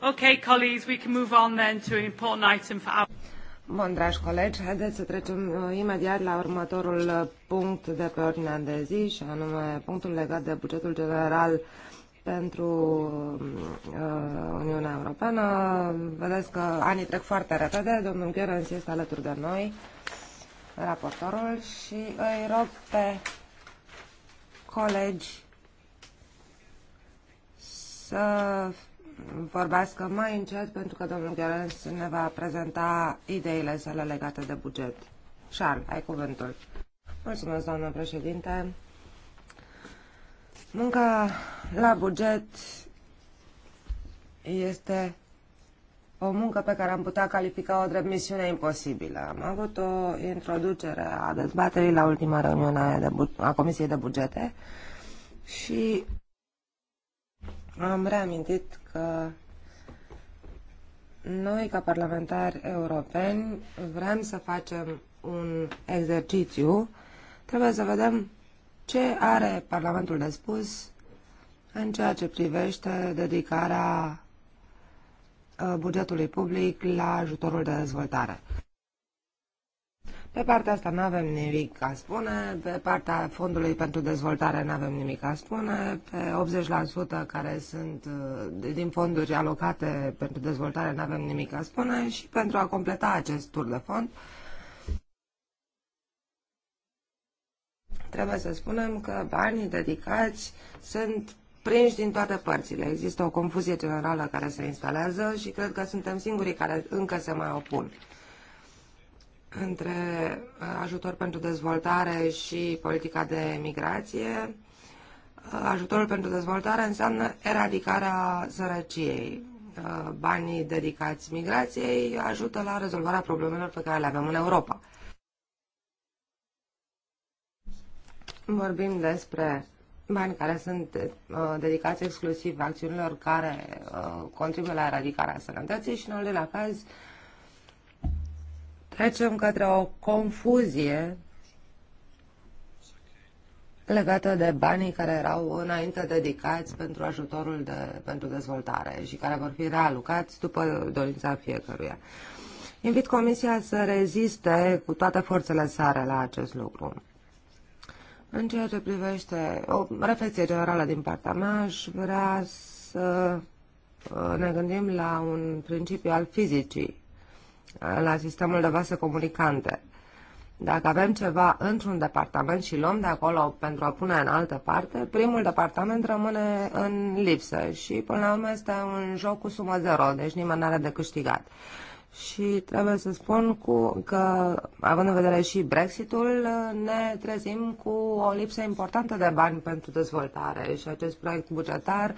Okay, colleagues, we can move on then to an important item for our... Bun, dragi colegi, haideți să trecem uh, imediat la următorul uh, punct de pe ordinea de zi, și anume punctul legat de bugetul general pentru uh, Uniunea Europeană. Vedeți că anii trec foarte repede, domnul Gherens este alături de noi, raportorul, și îi rog pe colegi să vorbească mai încet pentru că domnul Gherens ne va prezenta ideile sale legate de buget. Charles, ai cuvântul. Mulțumesc, doamnă președinte. Munca la buget este o muncă pe care am putea califica-o drept misiune imposibilă. Am avut o introducere a dezbaterii la ultima reuniune a Comisiei de Bugete și am reamintit că noi, ca parlamentari europeni, vrem să facem un exercițiu. Trebuie să vedem ce are Parlamentul de spus în ceea ce privește dedicarea uh, bugetului public la ajutorul de dezvoltare. Pe partea asta nu avem nimic a spune, pe partea fondului pentru dezvoltare nu avem nimic a spune, pe 80% care sunt uh, din fonduri alocate pentru dezvoltare nu avem nimic a spune și pentru a completa acest tur de fond trebuie să spunem că banii dedicați sunt prinși din toate părțile. Există o confuzie generală care se instalează și cred că suntem singurii care încă se mai opun între uh, ajutor pentru dezvoltare și politica de migrație. Uh, ajutorul pentru dezvoltare înseamnă eradicarea sărăciei. Uh, banii dedicați migrației ajută la rezolvarea problemelor pe care le avem în Europa. Vorbim despre bani care sunt uh, dedicați exclusiv acțiunilor care uh, contribuie la eradicarea sănătății și, în al doilea caz, uh, trecem către o confuzie legată de banii care erau înainte dedicați pentru ajutorul de, pentru dezvoltare și care vor fi realucați după dorința fiecăruia. Invit Comisia să reziste cu toate forțele sare la acest lucru. În ceea ce privește o reflexie generală din partea mea, aș vrea să uh, ne gândim la un principiu al fizicii la sistemul de vase comunicante. Dacă avem ceva într-un departament și luăm de acolo pentru a pune în altă parte, primul departament rămâne în lipsă și până la urmă este un joc cu sumă zero, deci nimeni nu are de câștigat. Și trebuie să spun cu, că, având în vedere și Brexitul, ne trezim cu o lipsă importantă de bani pentru dezvoltare și acest proiect bugetar uh,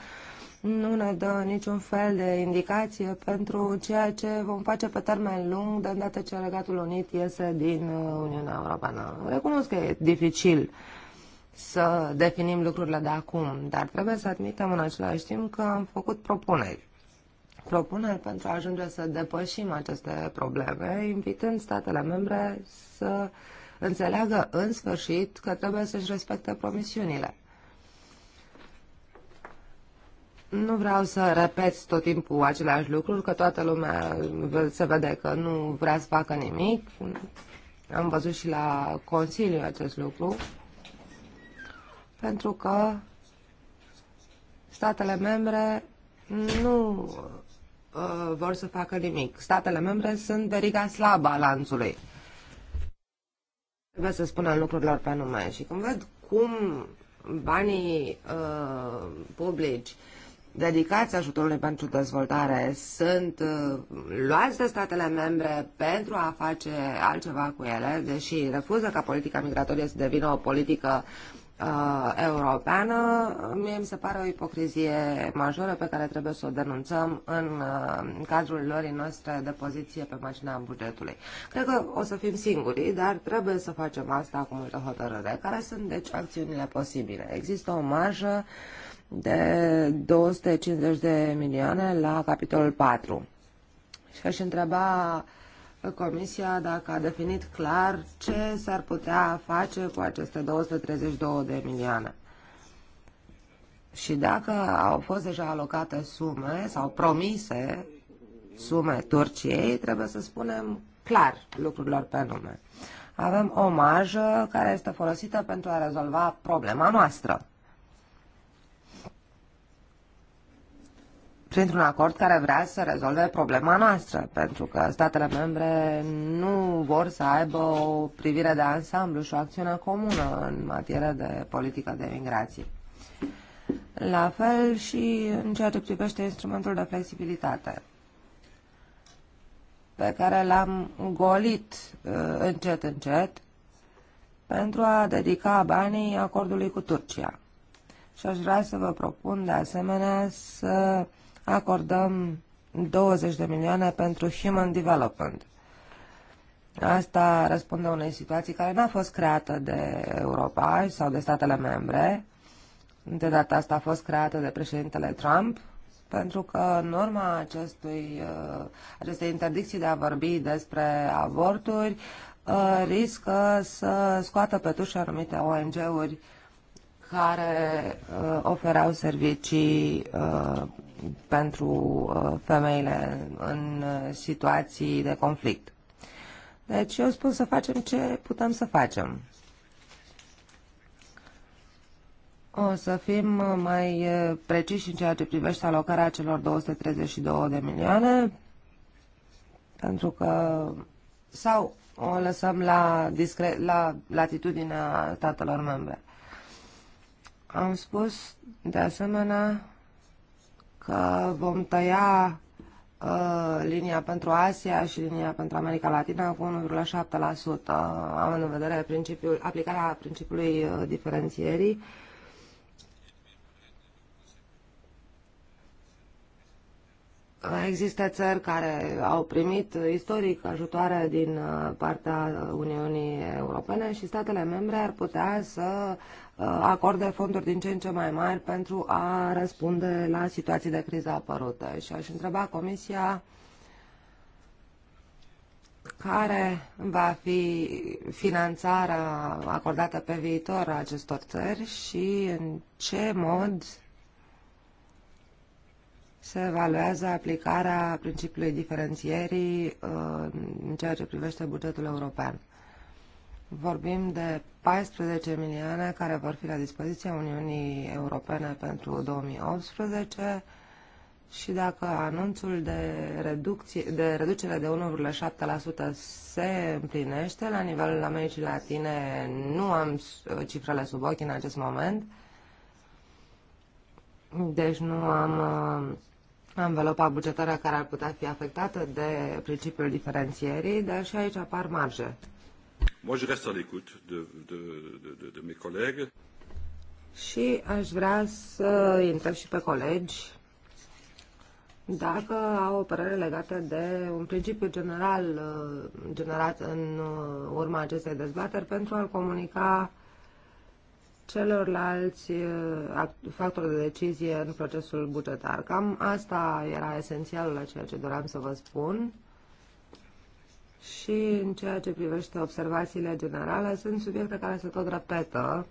nu ne dă niciun fel de indicație pentru ceea ce vom face pe termen lung de îndată ce Regatul Unit iese din uh, Uniunea Europeană. Recunosc că e dificil să definim lucrurile de acum, dar trebuie să admitem în același timp că am făcut propuneri. Propuneri pentru a ajunge să depășim aceste probleme, invitând statele membre să înțeleagă în sfârșit că trebuie să-și respecte promisiunile. Nu vreau să repet tot timpul aceleași lucruri, că toată lumea se vede că nu vrea să facă nimic. Am văzut și la Consiliu acest lucru, pentru că statele membre nu uh, vor să facă nimic. Statele membre sunt veriga slabă a lanțului. Trebuie să spunem lucrurilor pe nume și când văd cum banii uh, publici uh, dedicați ajutorului pentru dezvoltare sunt uh, luați de statele membre pentru a face altceva cu ele, deși refuză ca politica migratorie să devină o politică uh, europeană, mie mi se pare o ipocrizie majoră pe care trebuie să o denunțăm în, uh, în cadrul lorii noastre de poziție pe mașina bugetului. Cred că o să fim singuri, dar trebuie să facem asta cu multă hotărâre. Care sunt, deci, acțiunile posibile? Există o marjă de 250 de milioane la capitolul 4. Și aș întreba Comisia dacă a definit clar ce s-ar putea face cu aceste 232 de milioane. Și dacă au fost deja alocate sume sau promise sume Turciei, trebuie să spunem clar lucrurilor pe nume. Avem o marjă care este folosită pentru a rezolva problema noastră. printr-un acord care vrea să rezolve problema noastră, pentru că statele membre nu vor să aibă o privire de ansamblu și o acțiune comună în materie de politică de migrație. La fel și în ceea ce privește instrumentul de flexibilitate pe care l-am golit uh, încet, încet, pentru a dedica banii acordului cu Turcia. Și aș vrea să vă propun de asemenea să acordăm 20 de milioane pentru Human Development. Asta răspunde unei situații care n-a fost creată de Europa sau de statele membre. De data asta a fost creată de președintele Trump, pentru că în urma acestui, uh, acestei interdicții de a vorbi despre avorturi uh, riscă să scoată pe tușă anumite ONG-uri care uh, oferau servicii uh, pentru uh, femeile în uh, situații de conflict. Deci eu spun să facem ce putem să facem. O să fim mai uh, preciși în ceea ce privește alocarea celor 232 de milioane, pentru că sau o lăsăm la, discre- la latitudinea statelor membre. Am spus, de asemenea, că vom tăia uh, linia pentru Asia și linia pentru America Latina cu 1,7%, având în vedere principiul, aplicarea principiului uh, diferențierii Există țări care au primit istoric ajutoare din uh, partea Uniunii Europene și statele membre ar putea să uh, acorde fonduri din ce în ce mai mari pentru a răspunde la situații de criză apărută. Și aș întreba Comisia care va fi finanțarea acordată pe viitor acestor țări și în ce mod se evaluează aplicarea principiului diferențierii uh, în ceea ce privește bugetul european. Vorbim de 14 milioane care vor fi la dispoziția Uniunii Europene pentru 2018 și dacă anunțul de, reducție, de reducere de 1,7% se împlinește, la nivelul Americii Latine nu am cifrele sub ochi în acest moment, deci nu am uh, anvelopa bugetară care ar putea fi afectată de principiul diferențierii, dar și aici apar marge. Moi, je reste à l'écoute de, de, de, de, de mes collègues. Și aș vrea să întreb și pe colegi dacă au o părere legată de un principiu general uh, generat în uh, urma acestei dezbateri pentru a-l comunica celorlalți uh, factori de decizie în procesul bugetar. Cam asta era esențialul la ceea ce doream să vă spun. Și în ceea ce privește observațiile generale, sunt subiecte care se tot repetă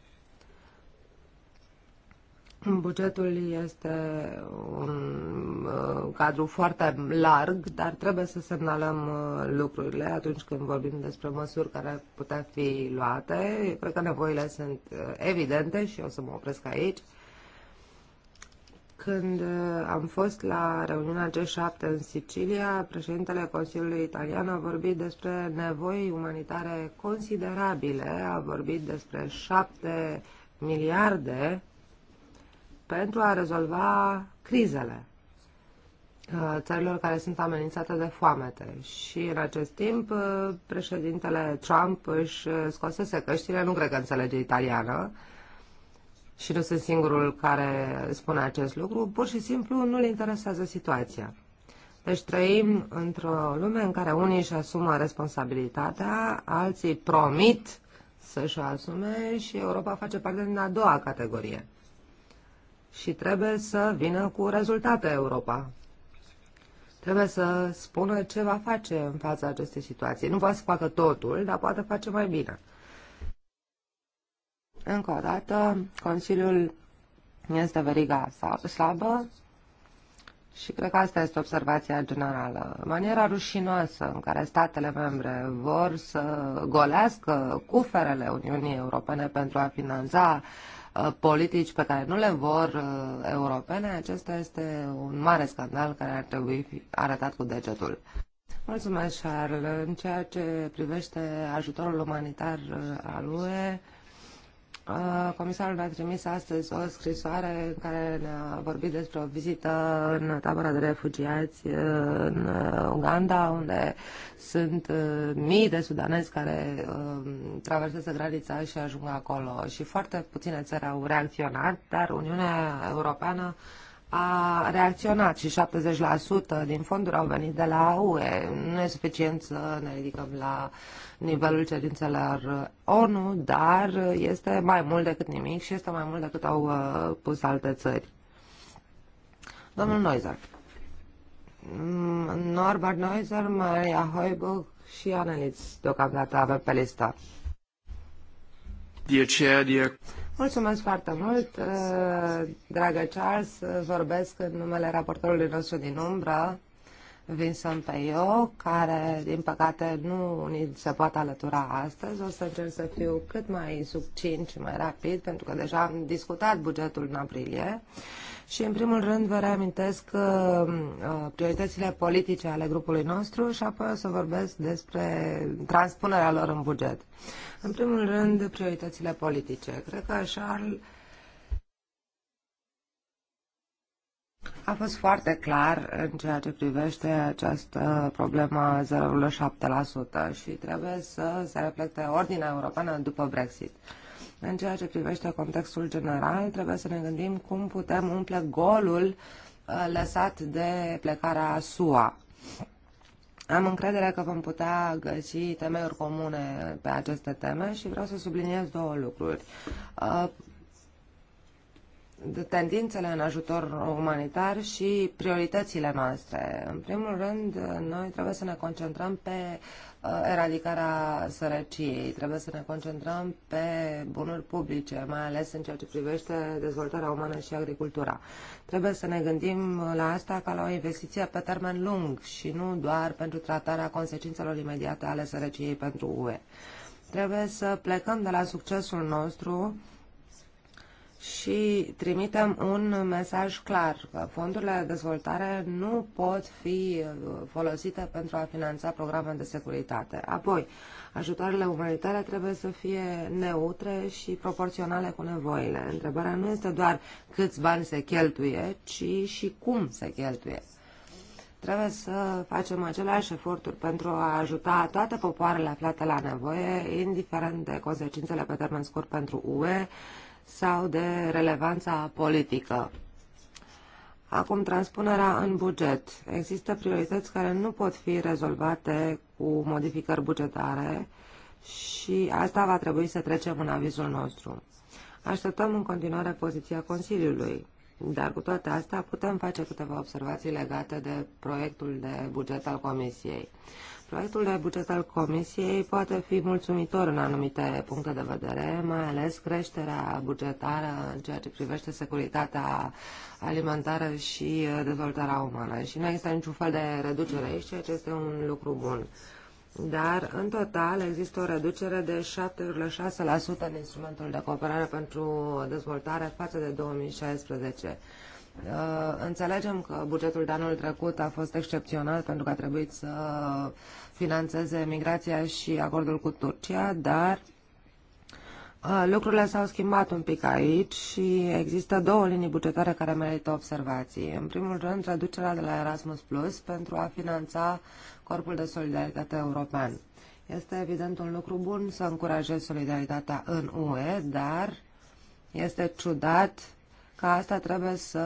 Bugetul este uh, un cadru foarte larg, dar trebuie să semnalăm uh, lucrurile atunci când vorbim despre măsuri care ar putea fi luate. Cred că nevoile sunt uh, evidente și o să mă opresc aici. Când am fost la reuniunea G7 în Sicilia, președintele Consiliului Italian a vorbit despre nevoi umanitare considerabile, a vorbit despre șapte miliarde pentru a rezolva crizele uh, țărilor care sunt amenințate de foamete. Și în acest timp, uh, președintele Trump își uh, scosese căștile, nu cred că înțelege italiană, și nu sunt singurul care spune acest lucru, pur și simplu nu le interesează situația. Deci trăim într-o lume în care unii își asumă responsabilitatea, alții promit să-și o asume și Europa face parte din a doua categorie și trebuie să vină cu rezultate Europa. Trebuie să spună ce va face în fața acestei situații. Nu va să facă totul, dar poate face mai bine. Încă o dată, Consiliul este veriga slabă și cred că asta este observația generală. Maniera rușinoasă în care statele membre vor să golească cuferele Uniunii Europene pentru a finanța uh, Uh, politici pe care nu le vor uh, europene, acesta este un mare scandal care ar trebui fi arătat cu degetul. Mulțumesc, Charles. În ceea ce privește ajutorul umanitar uh, al UE, Uh, comisarul ne-a trimis astăzi o scrisoare în care ne-a vorbit despre o vizită în tabăra de refugiați în uh, Uganda, unde sunt uh, mii de sudanezi care traversează granița și ajung acolo. Și foarte puține țări au reacționat, dar Uniunea Europeană a reacționat și 70% din fonduri au venit de la UE. Nu e suficient să ne ridicăm la nivelul cerințelor ONU, dar este mai mult decât nimic și este mai mult decât au uh, pus alte țări. Domnul Noizer. Mm, Norbert Noizer, Maria Hoibuch și Annelies deocamdată avem pe listă. Dear Chair, dear Mulțumesc foarte mult, uh, dragă Charles. Vorbesc în numele raportorului nostru din umbră, Vincent Peio, care, din păcate, nu ni se poate alătura astăzi. O să încerc să fiu cât mai succint și mai rapid, pentru că deja am discutat bugetul în aprilie. Și, în primul rând, vă reamintesc uh, uh, prioritățile politice ale grupului nostru și apoi o să vorbesc despre transpunerea lor în buget. În primul rând, prioritățile politice. Cred că Charles a fost foarte clar în ceea ce privește această problemă 0,7% și trebuie să se reflecte ordinea europeană după Brexit. În ceea ce privește contextul general, trebuie să ne gândim cum putem umple golul uh, lăsat de plecarea SUA. Am încredere că vom putea găsi temeiuri comune pe aceste teme și vreau să subliniez două lucruri. Uh, tendințele în ajutor umanitar și prioritățile noastre. În primul rând, noi trebuie să ne concentrăm pe uh, eradicarea sărăciei, trebuie să ne concentrăm pe bunuri publice, mai ales în ceea ce privește dezvoltarea umană și agricultura. Trebuie să ne gândim la asta ca la o investiție pe termen lung și nu doar pentru tratarea consecințelor imediate ale sărăciei pentru UE. Trebuie să plecăm de la succesul nostru și trimitem un mesaj clar că fondurile de dezvoltare nu pot fi uh, folosite pentru a finanța programe de securitate. Apoi, ajutoarele umanitare trebuie să fie neutre și proporționale cu nevoile. Întrebarea nu este doar câți bani se cheltuie, ci și cum se cheltuie. Trebuie să facem aceleași eforturi pentru a ajuta toate popoarele aflate la nevoie, indiferent de consecințele pe termen scurt pentru UE, sau de relevanța politică. Acum, transpunerea în buget. Există priorități care nu pot fi rezolvate cu modificări bugetare și asta va trebui să trecem în avizul nostru. Așteptăm în continuare poziția Consiliului, dar cu toate astea putem face câteva observații legate de proiectul de buget al Comisiei. Proiectul de buget al Comisiei poate fi mulțumitor în anumite puncte de vedere, mai ales creșterea bugetară în ceea ce privește securitatea alimentară și uh, dezvoltarea umană. Și nu există niciun fel de reducere aici, ceea ce este un lucru bun. Dar, în total, există o reducere de 7,6% în instrumentul de cooperare pentru dezvoltare față de 2016 Uh, înțelegem că bugetul de anul trecut a fost excepțional pentru că a trebuit să financeze migrația și acordul cu Turcia, dar uh, lucrurile s-au schimbat un pic aici și există două linii bugetare care merită observații. În primul rând, reducerea de la Erasmus Plus pentru a finanța Corpul de Solidaritate European. Este evident un lucru bun să încurajezi solidaritatea în UE, dar este ciudat că asta trebuie să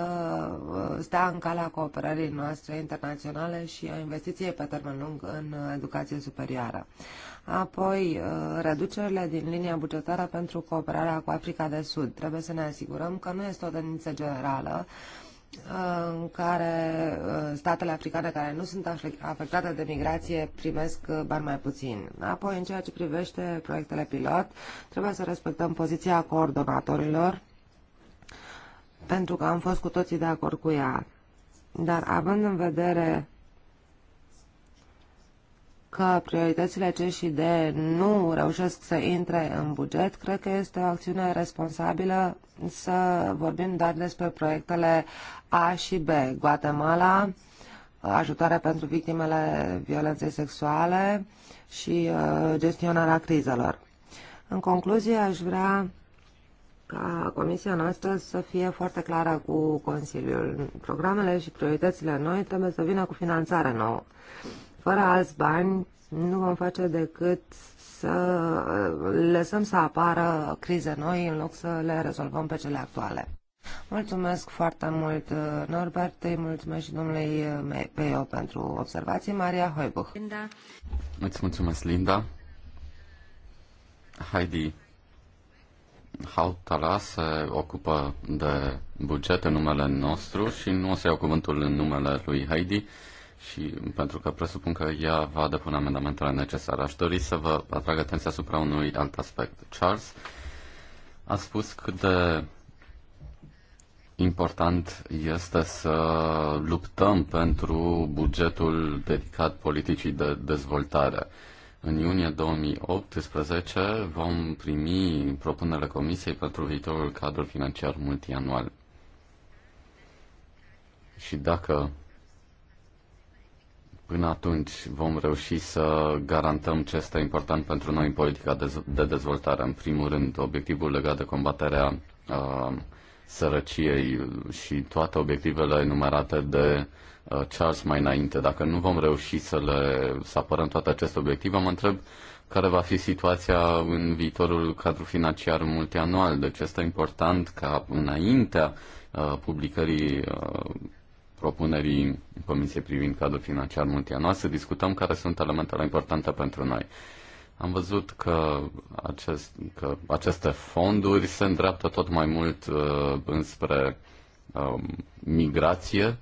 uh, stea în calea cooperării noastre internaționale și a investiției pe termen lung în educație superioară. Apoi, uh, reducerile din linia bugetară pentru cooperarea cu Africa de Sud. Trebuie să ne asigurăm că nu este o tendință generală uh, în care statele africane care nu sunt afectate de migrație primesc bani mai puțin. Apoi, în ceea ce privește proiectele pilot, trebuie să respectăm poziția coordonatorilor pentru că am fost cu toții de acord cu ea. Dar având în vedere că prioritățile acestei de nu reușesc să intre în buget, cred că este o acțiune responsabilă să vorbim doar despre proiectele A și B. Guatemala, ajutare pentru victimele violenței sexuale și uh, gestionarea crizelor. În concluzie, aș vrea ca Comisia noastră să fie foarte clară cu Consiliul. Programele și prioritățile noi trebuie să vină cu finanțare nouă. Fără alți bani nu vom face decât să lăsăm să apară crize noi în loc să le rezolvăm pe cele actuale. Mulțumesc foarte mult, Norbert, îi mulțumesc și domnului Peio pentru observații. Maria Hoibuch. Linda. Îți mulțumesc, Linda. Heidi Hautala se ocupă de buget în numele nostru și nu o să iau cuvântul în numele lui Heidi și pentru că presupun că ea va depune amendamentele necesare. Aș dori să vă atrag atenția asupra unui alt aspect. Charles a spus cât de important este să luptăm pentru bugetul dedicat politicii de dezvoltare. Uh, în iunie 2018 vom primi propunerea Comisiei pentru viitorul cadru financiar multianual. Și dacă până atunci vom reuși să garantăm ce este important pentru noi în politica de dezvoltare. În primul rând, obiectivul legat de combaterea uh, sărăciei și toate obiectivele enumerate de Uh, Charles mai înainte, dacă nu vom reuși să le să apărăm toate aceste obiective, mă întreb care va fi situația în viitorul cadru financiar multianual. Deci este important ca înaintea uh, publicării uh, propunerii Comisiei privind cadrul financiar multianual să discutăm care sunt elementele importante pentru noi. Am văzut că, acest, că aceste fonduri se îndreaptă tot mai mult uh, înspre uh, migrație, uh,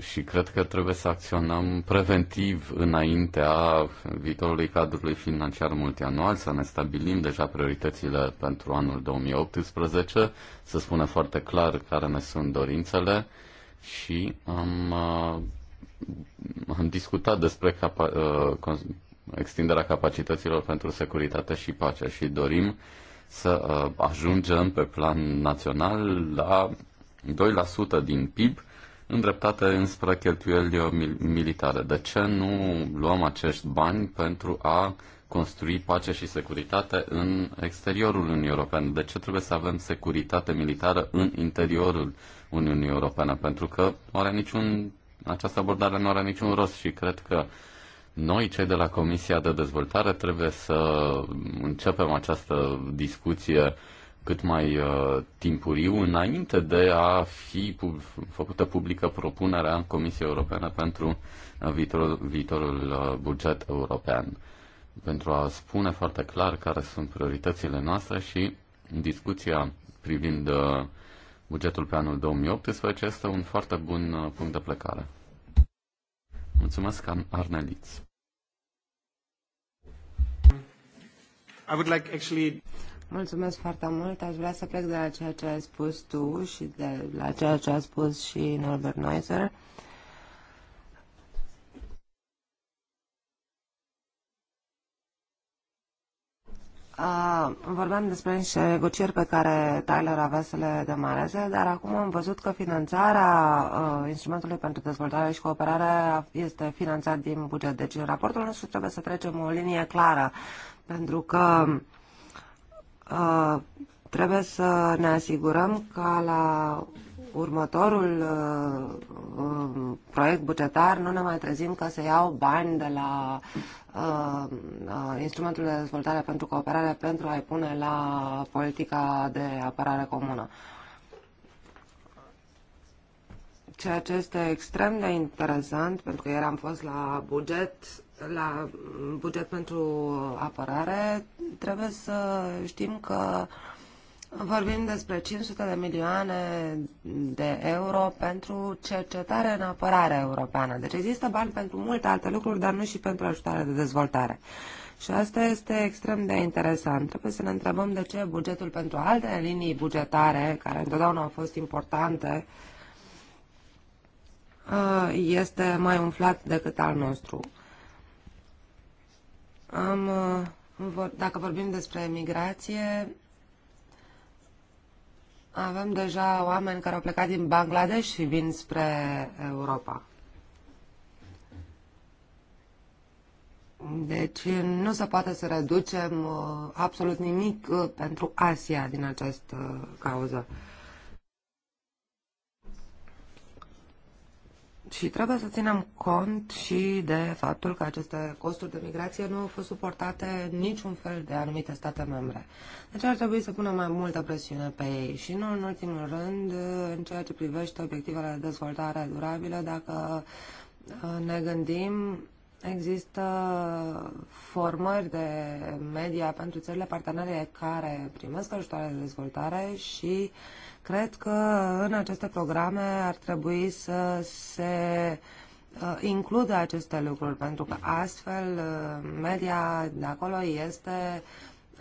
și cred că trebuie să acționăm preventiv înaintea viitorului cadrului financiar multianual, să ne stabilim deja prioritățile pentru anul 2018, să spunem foarte clar care ne sunt dorințele și am, uh, am discutat despre capa, uh, extinderea capacităților pentru securitate și pace și dorim să uh, ajungem pe plan național la 2% din PIB îndreptate înspre cheltuieli militare. De ce nu luăm acești bani pentru a construi pace și securitate în exteriorul Uniunii Europene? De ce trebuie să avem securitate militară în interiorul Uniunii Europene? Pentru că nu are niciun, această abordare nu are niciun rost și cred că noi, cei de la Comisia de Dezvoltare, trebuie să începem această discuție cât mai uh, timpuriu înainte de a fi pu- făcută publică propunerea Comisiei Europene pentru uh, viitorul, viitorul uh, buget european, pentru a spune foarte clar care sunt prioritățile noastre și discuția privind uh, bugetul pe anul 2018 este un foarte bun uh, punct de plecare. Mulțumesc, Arneliț. I would like actually Mulțumesc foarte mult. Aș vrea să plec de la ceea ce ai spus tu și de la ceea ce a spus și Norbert Neuser. Uh, vorbeam despre niște negocieri pe care Tyler avea să le demareze, dar acum am văzut că finanțarea uh, instrumentului pentru dezvoltare și cooperare este finanțat din buget. Deci în raportul nostru trebuie să trecem o linie clară, pentru că uh, trebuie să ne asigurăm ca la următorul uh, proiect bugetar nu ne mai trezim că se iau bani de la uh, uh, instrumentul de dezvoltare pentru cooperare pentru a-i pune la politica de apărare comună. Ceea ce este extrem de interesant, pentru că ieri am fost la buget la buget pentru apărare, trebuie să știm că vorbim despre 500 de milioane de euro pentru cercetare în apărare europeană. Deci există bani pentru multe alte lucruri, dar nu și pentru ajutare de dezvoltare. Și asta este extrem de interesant. Trebuie să ne întrebăm de ce bugetul pentru alte linii bugetare, care întotdeauna au fost importante, uh, este mai umflat decât al nostru. Am, uh, dacă vorbim despre migrație, avem deja oameni care au plecat din Bangladesh și vin spre Europa. Deci nu se poate să reducem uh, absolut nimic uh, pentru Asia din această cauză. Și trebuie să ținem cont și de faptul că aceste costuri de migrație nu au fost suportate niciun fel de anumite state membre. Deci ar trebui să punem mai multă presiune pe ei și nu în ultimul rând în ceea ce privește obiectivele de dezvoltare durabilă, dacă uh, ne gândim, există formări de media pentru țările partenere care primesc ajutoare de dezvoltare și cred că în aceste programe ar trebui să se uh, includă aceste lucruri, pentru că astfel uh, media de acolo este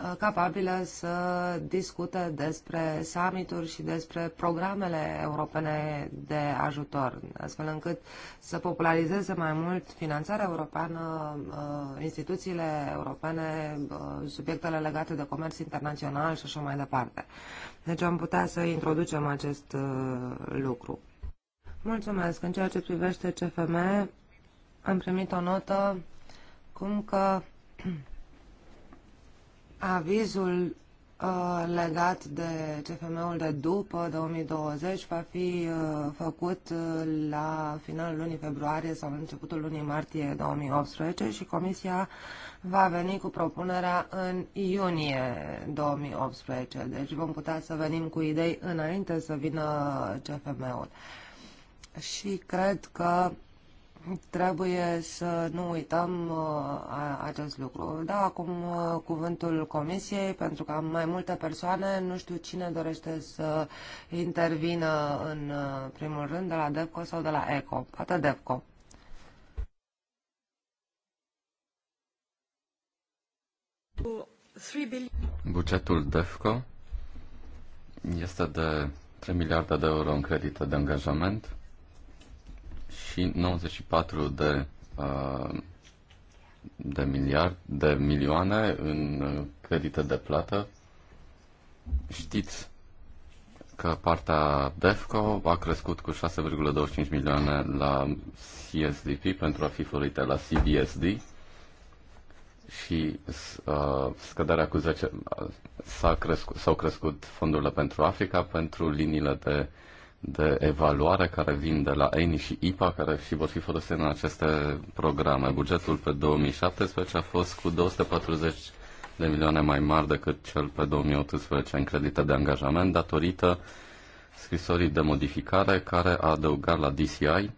Uh, capabilă să discute despre summituri și despre programele europene de ajutor, astfel încât să popularizeze mai mult finanțarea europeană, uh, instituțiile europene, uh, subiectele legate de comerț internațional și așa mai departe. Deci am putea să introducem acest lucru. Mulțumesc. În ceea ce privește CFM, am primit o notă cum că Avizul uh, legat de CFM-ul de după 2020 va fi uh, făcut uh, la finalul lunii februarie sau în începutul lunii martie 2018 și Comisia va veni cu propunerea în iunie 2018. Deci vom putea să venim cu idei înainte să vină CFM-ul. Și cred că Trebuie să nu uităm uh, acest lucru. Da, acum uh, cuvântul comisiei, pentru că am mai multe persoane. Nu știu cine dorește să intervină în uh, primul rând, de la DEVCO sau de la ECO. Poate DEVCO. Bugetul DEFCO este de 3 miliarde de euro în credite de angajament și 94 de, uh, de miliard, de milioane în credite de plată. Știți că partea DEFCO a crescut cu 6,25 milioane la CSDP pentru a fi folosită la CBSD și uh, scăderea cu 10 uh, s-a crescut, s-au crescut fondurile pentru Africa pentru liniile de uh, de evaluare care vin de la ENI și IPA, care și vor fi folosite în aceste programe. Bugetul pe 2017 a fost cu 240 de milioane mai mari decât cel pe 2018 în credite de angajament, datorită scrisorii de modificare care a adăugat la DCI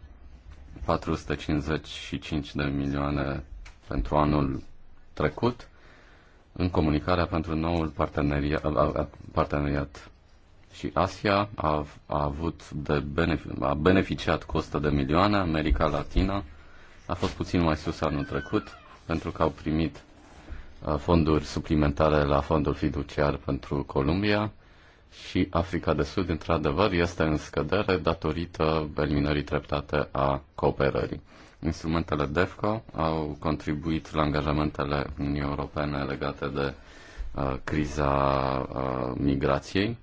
455 de milioane pentru anul trecut în comunicarea pentru noul parteneriat, parteneriat și Asia a, a avut de benefic- a beneficiat costă de milioane, America Latina a fost puțin mai sus anul trecut pentru că au primit uh, fonduri suplimentare la fondul fiduciar pentru Columbia și Africa de Sud, într-adevăr, este în scădere datorită eliminării treptate a cooperării. Instrumentele DEFCO au contribuit la angajamentele Uniunii Europene legate de uh, criza uh, migrației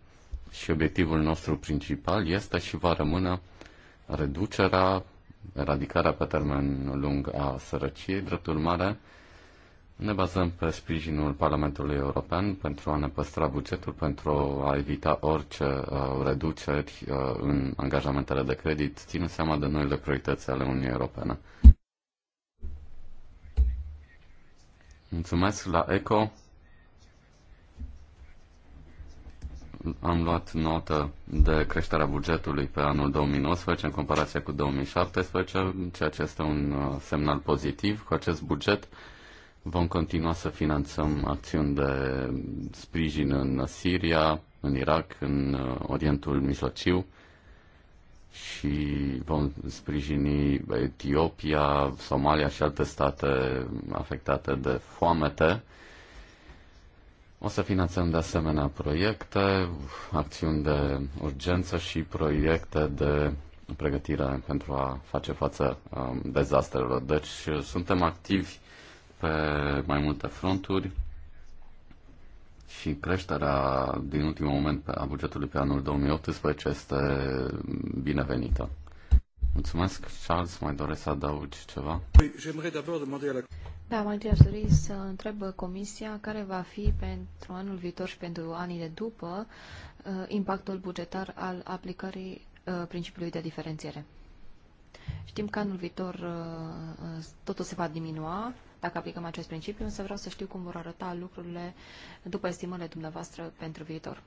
și obiectivul nostru principal este și va rămâne reducerea, eradicarea pe termen lung a sărăciei. Drept urmare, ne bazăm pe sprijinul Parlamentului European pentru a ne păstra bugetul, pentru a evita orice uh, reduceri uh, în angajamentele de credit, ținând seama de noile priorități ale Uniunii Europene. Mulțumesc la ECO. Am luat notă de creșterea bugetului pe anul 2019 în comparație cu 2017, ceea ce este un uh, semnal pozitiv. Cu acest buget vom continua să finanțăm acțiuni de sprijin în Siria, în Irak, în uh, Orientul Mijlociu și vom sprijini Etiopia, Somalia și alte state afectate de foamete o să finanțăm de asemenea proiecte, acțiuni de urgență și proiecte de pregătire pentru a face față um, dezastrelor. Deci suntem activi pe mai multe fronturi și creșterea din ultimul moment a bugetului pe anul 2018 este binevenită. Mulțumesc, Charles, mai doresc să adaugi ceva? Da, mai întâi aș dori să întreb Comisia care va fi pentru anul viitor și pentru anii de după uh, impactul bugetar al aplicării uh, principiului de diferențiere. Știm că anul viitor uh, totul se va diminua dacă aplicăm acest principiu, însă vreau să știu cum vor arăta lucrurile după estimările dumneavoastră pentru viitor.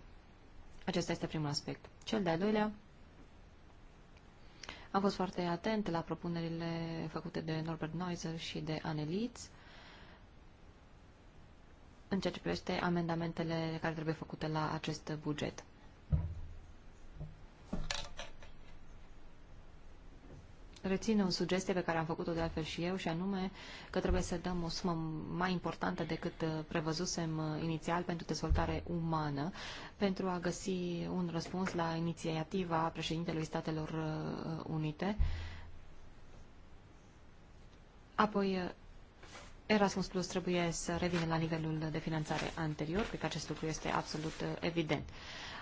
Acesta este primul aspect. Cel de-al doilea am fost foarte atent la propunerile făcute de Norbert Neuser și de Anelitz în ceea ce privește amendamentele care trebuie făcute la acest buget. rețin o sugestie pe care am făcut-o de altfel și eu, și anume că trebuie să dăm o sumă mai importantă decât uh, prevăzusem uh, inițial pentru dezvoltare umană, pentru a găsi un răspuns la inițiativa președintelui Statelor uh, Unite. Apoi, Erasmus Plus trebuie să revină la nivelul de finanțare anterior, cred că acest lucru este absolut evident.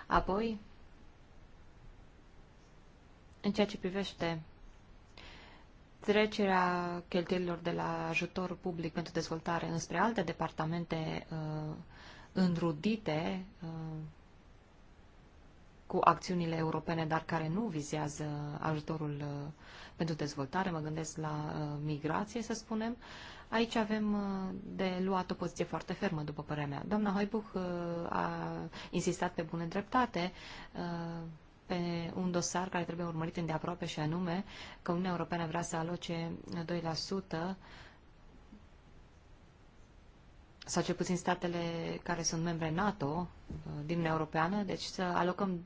Apoi, în ceea ce privește trecerea cheltuielilor de la ajutor public pentru dezvoltare înspre alte departamente uh, înrudite uh, cu acțiunile europene, dar care nu vizează ajutorul uh, pentru dezvoltare, mă gândesc la uh, migrație, să spunem, aici avem uh, de luat o poziție foarte fermă, după părerea mea. Doamna Hoibuch uh, a insistat pe bună dreptate uh, pe un dosar care trebuie urmărit îndeaproape și anume că Uniunea Europeană vrea să aloce 2% sau cel puțin statele care sunt membre NATO uh, din Uniunea Europeană, deci să alocăm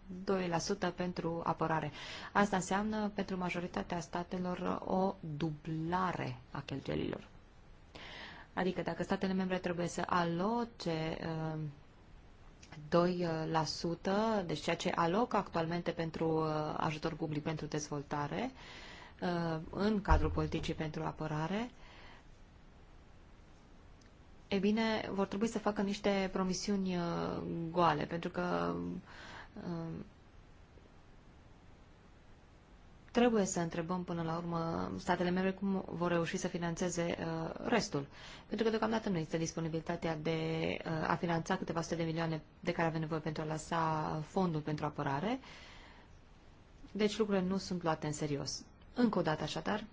2% pentru apărare. Asta înseamnă pentru majoritatea statelor o dublare a cheltuielilor. Adică dacă statele membre trebuie să aloce uh, 2%, uh, deci ceea ce alocă actualmente pentru uh, ajutor public pentru dezvoltare uh, în cadrul politicii pentru apărare, e bine, vor trebui să facă niște promisiuni goale, pentru că Trebuie să întrebăm până la urmă statele membre cum vor reuși să financeze uh, restul. Pentru că deocamdată nu există disponibilitatea de uh, a finanța câteva sute de milioane de care avem nevoie pentru a lăsa fondul pentru apărare. Deci lucrurile nu sunt luate în serios. Încă o dată așadar,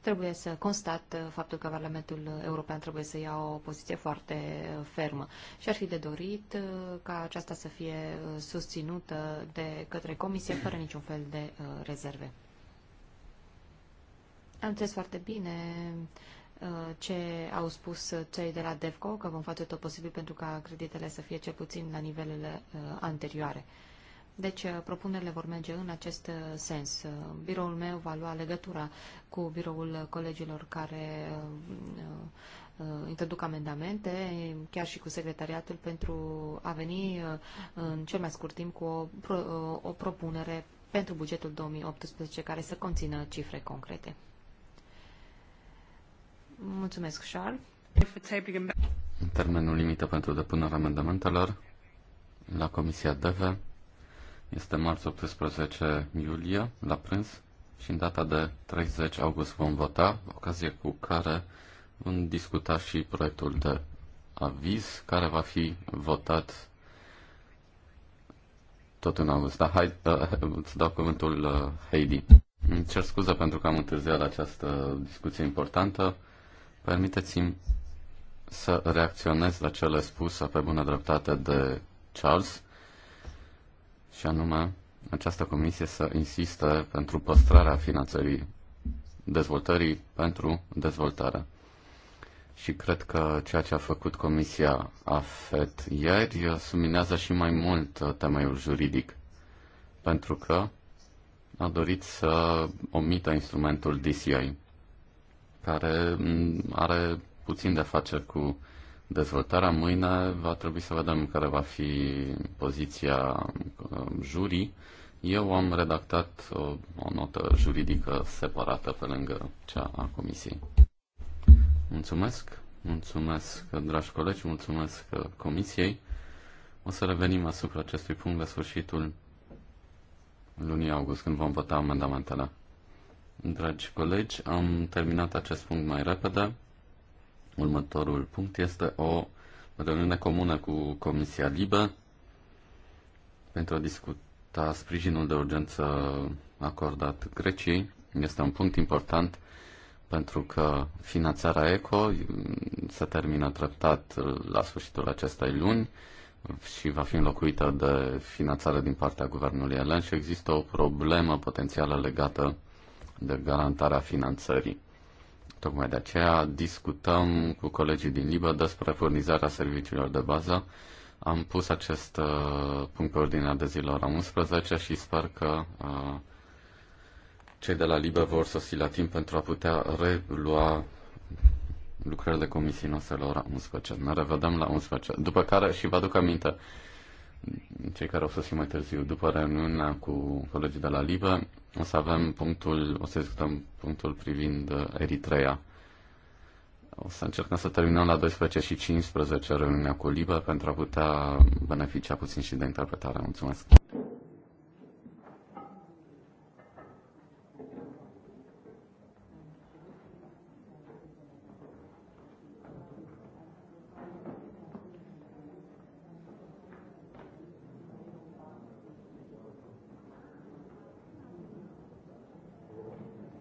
trebuie să constat uh, faptul că Parlamentul European trebuie să ia o poziție foarte uh, fermă și ar fi de dorit uh, ca aceasta să fie susținută de către Comisie fără niciun fel de rezerve. Am înțeles foarte bine ce au spus cei de la DEVCO, că vom face tot posibil pentru ca creditele să fie cel puțin la nivelele anterioare. Deci, uh, propunerile vor merge în acest uh, sens. Uh, biroul meu va lua legătura cu biroul colegilor care introduc amendamente, chiar și cu secretariatul, pentru a veni în cel mai scurt timp cu o, o propunere pentru bugetul 2018 care să conțină cifre concrete. Mulțumesc, Charles. Termenul limită pentru depunerea amendamentelor la Comisia DV este marți 18 iulie la prânz și în data de 30 august vom vota, ocazie cu care vom discuta și proiectul de aviz care va fi votat tot în august. Dar hai, uh, îți dau cuvântul uh, Heidi. Îmi cer scuze pentru că am întârziat această discuție importantă. Permiteți-mi să reacționez la cele spuse pe bună dreptate de Charles și anume această comisie să insiste pentru păstrarea finanțării dezvoltării pentru dezvoltare. Și cred că ceea ce a făcut Comisia AFET ieri suminează și mai mult temeiul juridic, pentru că a dorit să omită instrumentul DCI, care are puțin de face cu dezvoltarea. Mâine va trebui să vedem care va fi poziția um, jurii. Eu am redactat o, uh, o notă juridică separată pe lângă cea a comisiei. Mulțumesc, mulțumesc, dragi colegi, mulțumesc uh, comisiei. O să revenim asupra acestui punct la sfârșitul lunii august, când vom vota amendamentele. Dragi colegi, am terminat acest punct mai repede. Următorul punct este o reuniune comună cu Comisia Libă pentru a discuta sprijinul de urgență acordat Greciei. Este un punct important pentru că finanțarea ECO se termină treptat la sfârșitul acestei luni și va fi înlocuită de finanțare din partea guvernului elen și există o problemă potențială legată de garantarea finanțării. Tocmai de aceea discutăm cu colegii din Libă despre furnizarea serviciilor de bază. Am pus acest uh, punct pe ordinea de zi la ora 11 și sper că uh, cei de la Libă vor sosi la timp pentru a putea relua lucrările comisiei noastre la ora 11. Ne revedem la 11. După care, și vă aduc aminte, cei care au sosit mai târziu, după reuniunea cu colegii de la Libă, o să avem punctul, o să discutăm punctul privind Eritrea. O să încercăm să terminăm la 12 și 15 reuniunea cu Libe pentru a putea beneficia puțin și de interpretare. Mulțumesc!